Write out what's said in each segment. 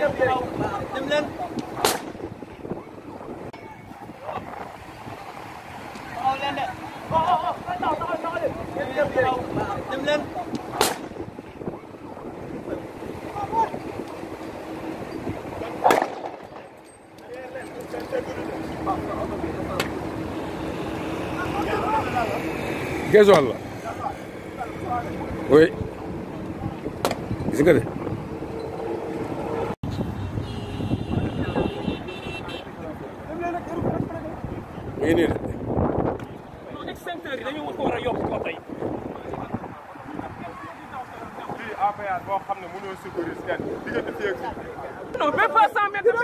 dem leen Gezuallah. Oui. Gis nga de. mu ngi nii de. non extincteur yi dañoo war ko war a yokk ko tey. lii APR boo xam ne mënoo secourir kenn diggante fii ak fii. non même pas cent mètres.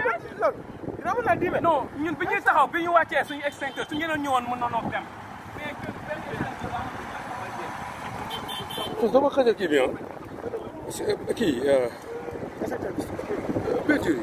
dina mën a dime. non ñun bi ñuy taxaw bi ñu wàccee suñu extincteur su ngeen ñëwoon mën nañoo dem. dama xëjal kii bi ah. kii. Euh, peinture yi.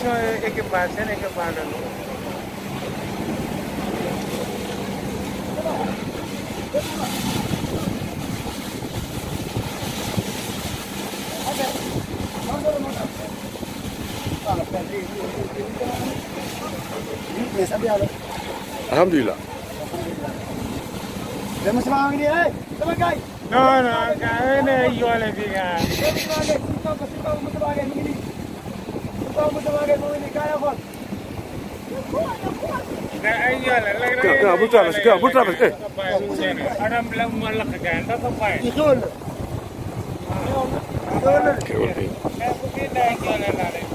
mission équipement seen équipement la ñu. alhamdulilah. non non. Pambu sama ngeen mu ni kaay xool da ay yàlla la la ka bu tawal ka bu tawal eh adam la mu la ka ga nda ko fay xewal xewal ko ki da ngeen la la